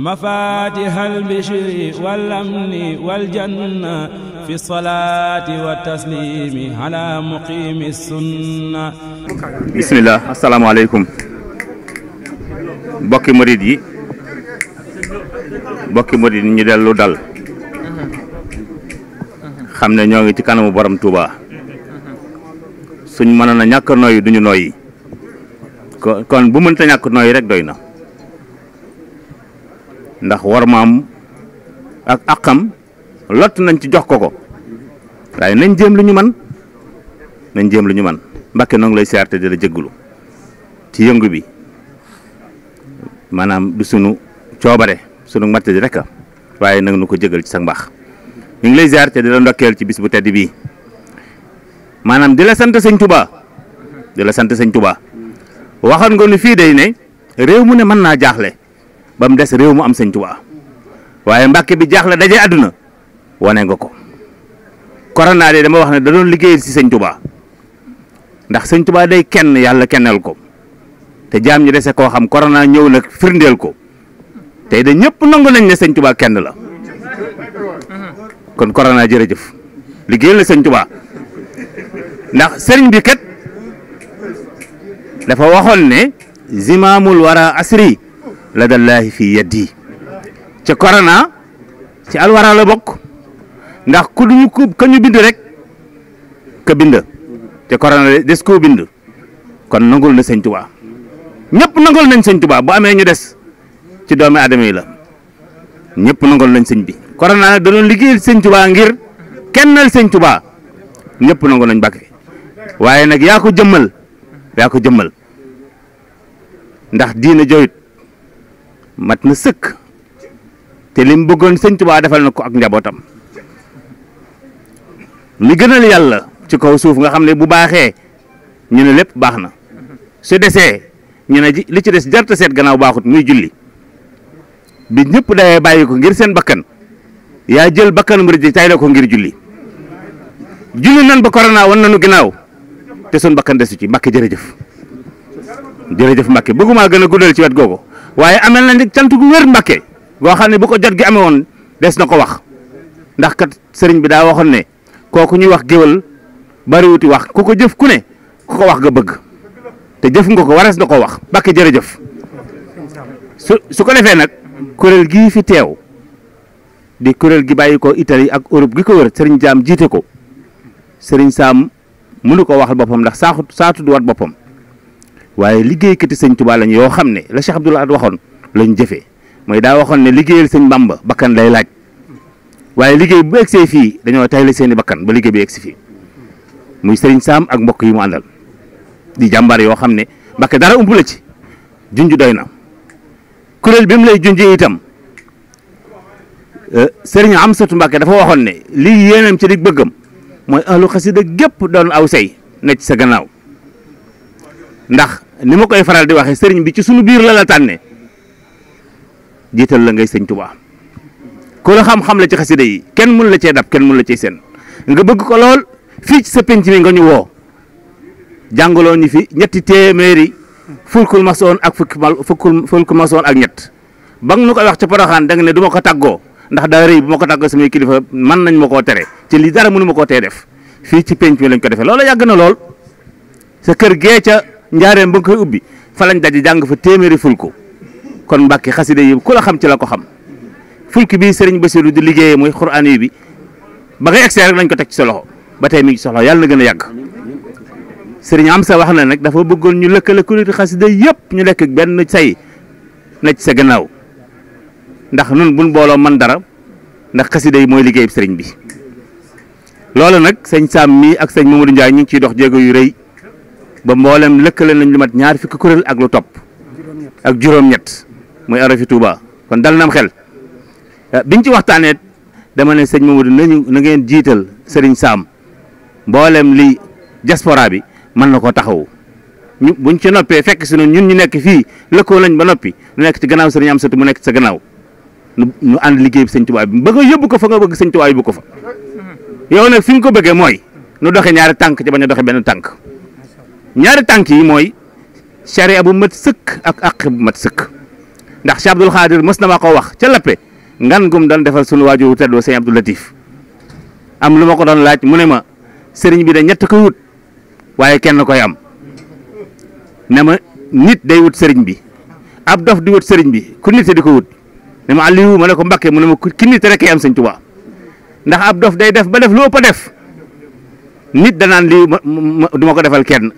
mafatihal bishri wal amni wal fi salaati wa bokki murid yi bokki murid ñu dellu dal xam ne ñoo ngi ci kanamu borom tuuba suñ mënoon a ñàkk nooyi duñu nooyi kon bu mënta ñàkk nooyi rek doy na ndax war am ak àqam lott nañ ci jox ko ko waaye nañ jéem lu ñu man nañ jéem lu ñu man Mbàkke noo lay siyaar te di la jéggulu ci yëngu bi maanaam du sunu coobare sunu matt di rek waaye nag nu ko jégal ci sa mbaax ñu ngi lay siyaar te di la ndokkeel ci bis bu tedd bii maanaam di la sant sëñ Tuubaa di la sant sëñ Tuubaa waxoon nga nu fii day ne réew mu ne mën naa jaaxle ba mu des réew mu am sëñ Tuubaa waaye Mbàkke bi jaaxle daje àdduna wane nga ko corona de dama wax ne da doon liggéeyal si sëñ Tuubaa ndax sëñ tubaa day kenn yàlla kennal ko te jaam ñi dese koo xam koronaa ñëw na firndeel ko tey da ñëpp nangu nañ ne sëñ Tuubaa kenn la kon corona jërëjëf liggéeyal na sëñ Tuubaa ndax sëriñ bi kat dafa waxoon ne zimaamul wara asri ladallaahi fi yaddi ca korona ci alwara la bokk ndax ku duñu ko ka ñu bind rek ka bind ca korona des koo bind kon nangul na sëñ tubaa ñëpp nangul nañ sëñ tubaa bu amee ñu des ci doomi aadama la ñëpp nangul nañ sëñ bi korona nag da doon liggéeyal sëñ tubaa ngir kennal sëñ tubaa ñëpp nangu nañ bàkke waaye nag yaa ko jëmmal yaa ko jëmmal ndax diina joyit mat na sëkk te lim bëggoon sëntu waa defal na ko ak njabootam li gënal yàlla ci kaw suuf nga xam ne bu baaxee ñu ne lépp baax na su desee ñu ne li ci des jarta seet gannaaw baaxut muy julli bi ñëpp dawee bàyyi ko ngir seen bakkan yaa jël bakkan mu rëdd tay la ko ngir julli julli nan ba corona wan nañu ginnaaw te sun bakkan desu ci Mbàkke jërëjëf jërëjëf Mbàkke bëgguma gën a guddal ci wet googu waaye amel na nag cant gu wér Mbàkke boo xam ne bu ko jot gi amee woon des na ko wax ndax kat sëriñ bi daa waxoon ne kooku ñuy wax géwal bariwuti wax ku ko jëf ku ne ku ko wax ga bëgg te jëf nga ko warees na ko wax jëre jëf su su ko defee nag kuréel gii fi teew di kuréel gi bàyyi ko Italie ak Europe gi ko wër sëriñ Jaam jiite ko sëriñ Saam mënu ko wax boppam ndax saatu saatu du wat boppam waaye liggéeykati sëñ Tuubaa lañ yoo xam ne la Cheikh Abdoul Ahad waxoon lañ jëfee mooy daa waxoon ne liggéeyal sëñ Bamba bakkan day laaj waaye liggéey bu egsee fii dañoo tayle seeni bakkan ba liggéey bi egsi fii muy sëriñ Saam ak mbokk yi mu àndal di jàmbaar yoo xam ne Mbàkke dara ump la ci junj doy na kuréel bi mu lay junj itam euh, sëriñ Amsatu Mbàkke dafa waxoon ne lii yéenam ci dig bëggam mooy ahlu xasida gépp doon aw say ne ci sa gannaaw ndax ni ma koy faral di waxee sëriñ bi ci suñu biir la la tànnee jiital la ngay sëñ Tuubaa ku la xam-xam la ci xasida yi kenn mun la cee dab kenn mun la cee seen nga bëgg ko lool fii ci sa penc mi nga ñu woo jàngaloo ñu fi ñetti téeméeri fulkul masoon ak fukki mal fukkul fulkul masoon ak ñett ba nga nu koy wax ca Poroxaan da nga ne du ko tàggoo ndax daa rëy bu ma ko tàggoo samay kilifa mën nañ ma koo tere ci li dara mënuma koo tee def fii ci penc mi lañ ko defee loolu yàgg na lool njaareem ba nga koy ubbi fa lañ daje jàng fa téeméeri fulku kon mbakki xasida yi ku la xam ci la ko xam fulku bi sëriñ ba Basiru di liggéeyee muy xuraan yi bi ba ngay egsi rek lañ ko teg ci sa loxo ba tey mi ngi soxla yàlla na gën a yàgg sëriñ Amsa wax nag dafa bëggoon ñu lëkkale kuréeti xasida yëpp ñu nekk benn say na ci sa gannaaw ndax nun buñ booloo man dara ndax xasida yi mooy liggéeyub sëriñ bi loolu nag sëñ Sam mii ak sëñ Mamadou Ndiaye ñu ngi ciy dox jéego yu rëy ba mboolem lëkkale nañ lu mat ñaar fukki kuréel ak lu topp ak juróom-ñett muy arafi Touba kon dal na am xel eh, biñ ci waxtaanee dama ne sëñ Mamadou nañu na ngeen jiital sëriñ Saam mboolem li diaspora bi mën na koo taxawu ñu buñ ci noppee fekk si ñun ñu nekk fii lëkkoo nañ ba noppi lu nekk ci gannaaw sëriñ am sëtu mu nekk ci sa gannaaw ñu ànd liggéey bi sëñ Touba bi bëgg yóbbu ko fa nga bëgg sëñ Touba yóbbu ko fa yow nag fi nga ko bëggee mooy nu doxe ñaari tànk ci bañ tànk. ñaari tànk yi mooy charia bu mat sëkk ak àq bu mat sëkk ndax Cheikh Abdoul Xaadir mës na ma ko wax ca lappe ngan gum doon defal sunu waajur wu teddoo sëñ Abdoul Latif am lu ma ko doon laaj mu ne ma sëriñ bi da ñett koy wut waaye kenn koy am ne ma nit day wut sëriñ bi ab dof di wut sëriñ bi ku nit di ko wut ne ma Aliou ma ne ko Mbakke mu ne ma ki nit rek am sëñ Tuubaa ndax ab dof day def ba def lu ëpp def nit danaan lii ma du ma ko defal kenn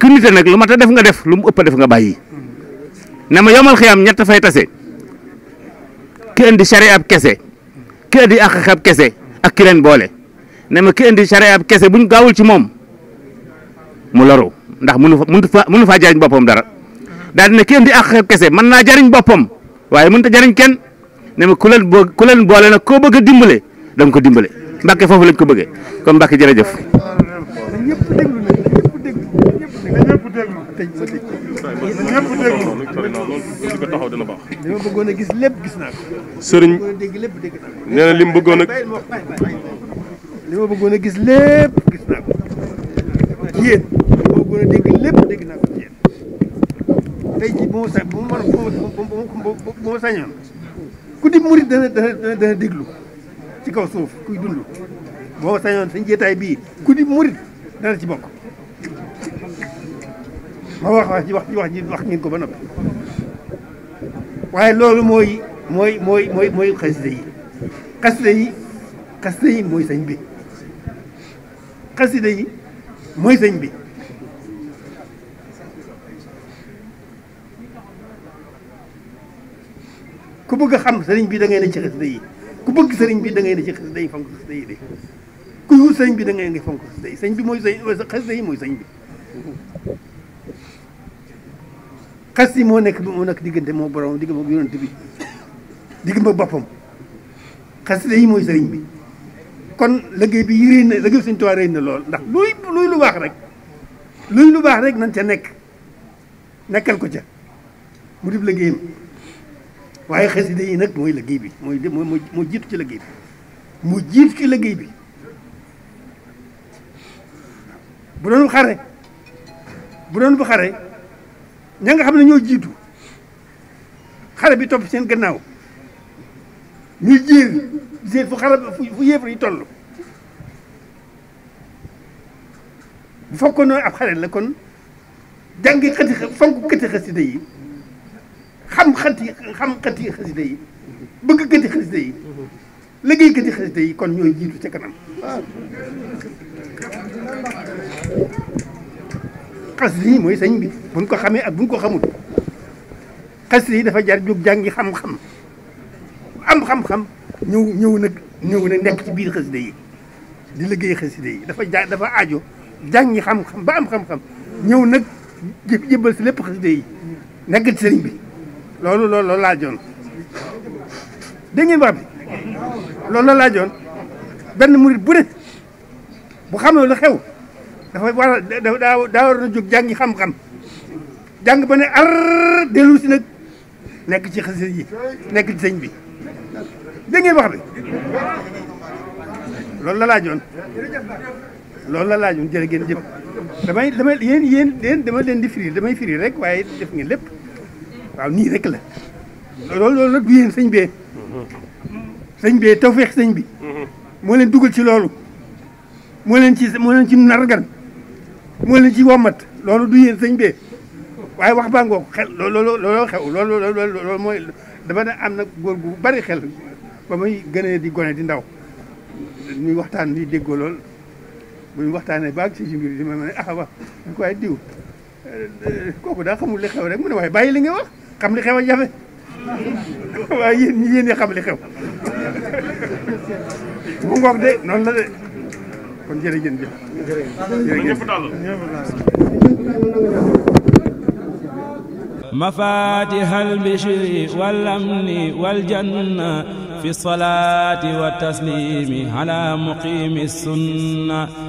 ku nite nag lu mat a def nga def lu mu ëpp a def nga bàyyi ne ma yomal xiyaam ñett fay tase ki indi sari ab kese ki indi àq ab kese ak ki leen boole ne ma ki indi sari ab kese buñ gaawul ci moom mu loru ndax mënu fa mënu fa mënu faa jariñ boppam dara daal dina ki indi àq ab kese mën naa jariñ boppam waaye mënut ta jariñ kenn ne ma ku leen boo ku leen boole nag koo bëgg a dimbale da nga ko dimbale Mbàkke foofu lañ ko bëggee kon Mbàkke jërëjëf déglu tëj ma tëj ñëpp déglu taxaw dina baax li ma bëggoon a gis lépp gis naa ko sëriñ nee na li mu bëggoon a li ma bëggoon a gis lépp gis naa ko ci yéen li ma bëggoon a dégg lépp dégg naa ko ci yéen tey ji bu ma sa bu ma bu ma sañoon ku di murit dana dana dana déglu ci kaw suuf kuy dund boo ma sañoon sañ jeetaay bii ku di murit dana ci bokk ma wax wax ji wax ji wax ji wax ko ba noppi waaye loolu mooy mooy mooy mooy mooy xasida yi xasida yi xasida mooy sañ bi xasida yi mooy sëñ bi ku bëgg a xam sëriñ bi da ngay ne ci xasida yi ku bëgg sëriñ bi da ngay ne fonk xasida yi bi da ngay ne fonk xasida sëñ bi mooy sëñ mooy sëñ bi xas yi moo nekk moo nekk diggante moo borom digg moom yonent bi digg ma boppam xas yi mooy sëriñ bi kon liggéey bi réy na liggéey Sëriñ Tuubaa réy na lool ndax luy lu baax rek luy lu baax rek nañ ca nekk nekkal ko ca mu dib liggéeyam waaye xasida yi nag mooy liggéey bi mooy mooy moo jiitu ci liggéey bi mu jiitu ci liggéey bi bu doon xare bu doon bu xare ña nga xam ne ñoo jiitu xale bi topp seen gannaaw ñuy jéer jéer fu xale fu yi toll bu fekkoon ab xale la kon jàngi xati fonk xati xasida yi xam xati xam xati xasida yi bëgg xati xasida yi liggéey xati xasida kon ñooy jiitu ca kanam xas lii mooy sañ bi buñ ko xamee ak buñ ko xamul xas lii dafa jar jóg jàngi xam-xam am xam-xam ñëw ñëw nag ñëw nag nekk ci biir xasida yi di liggéey xasida yi dafa ja dafa aajo jàngi xam-xam ba am xam-xam ñëw nag jëbbal si lépp xasida yi nekk ci sëriñ bi loolu loolu loolu laa joon dégg ngeen wax bi loolu loolu laa joon benn murit bu ne bu xamee lu xew dafa war a daa daa war na jóg jàngi xam-xam jàng ba ne ar dellu si nag nekk ci xasida yi nekk ci sëñ bi dégg ngeen wax bi loolu la laajoon loolu la laajoon jërë ngeen jëf damay damay yéen yéen yéen dama leen di firi damay firi rek waaye def ngeen lépp waaw nii rek la loolu loolu nag du yéen sëñ bee sëñ bee tawfeex sëñ bi mm-hmm. moo leen dugal ci loolu moo leen ci moo leen ci nargan moo leen ci wommat loolu du yéen sëñ bee waaye wax baa ngoog xel loolu loolu loolu mooy dafa ne am na góor gu bari xel ba muy gënee di gone di ndaw ñuy waxtaan di déggoo lool muy ñu waxtaanee baag si si mbir di ma ne ah wax ñu ko daa xamul li xew rek mu ne waaye bàyyi li nga wax xam li xew a jafe waaye yéen yéen xam li xew mu ngoog de noonu la de. kon jërë ngeen jëf. jërëjëf mafatihal bishri wal amni wal janna fi salaati wa taslimi ala muqimi sunna